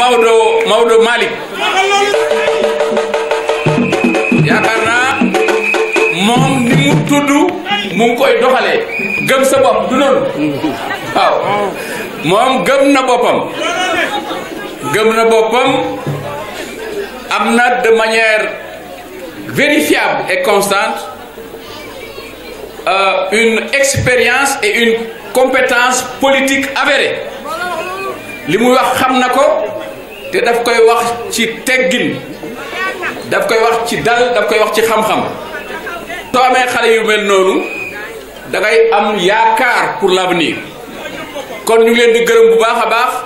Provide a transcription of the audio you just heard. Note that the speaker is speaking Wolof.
Maodo Maodo Malick yaakaar naa moom ni mu tudd mu koy doxalee gëm sa bopp du noonu waaw moom gëm na boppam gëm na boppam am na de manière vérifiable et constante euh, une expérience et une compétence politique avérée li muy wax xam na ko te daf koy wax ci teggin daf koy wax ci dal daf koy wax ci xam-xam soo amee xale yu mel noonu da ngay am yaakaar pour nii kon ñu ngi leen di gërëm bu baax a baax